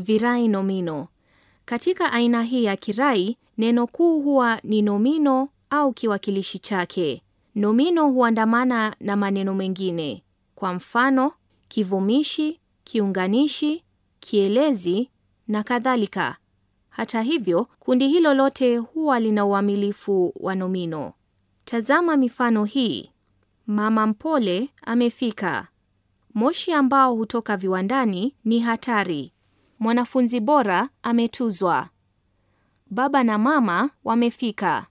Virai nomino. Katika aina hii ya kirai, neno kuu huwa ni nomino au kiwakilishi chake. Nomino huandamana na maneno mengine, kwa mfano kivumishi, kiunganishi, kielezi na kadhalika. Hata hivyo, kundi hilo lote huwa lina uamilifu wa nomino. Tazama mifano hii: mama mpole amefika. Moshi ambao hutoka viwandani ni hatari. Mwanafunzi bora ametuzwa. Baba na mama wamefika.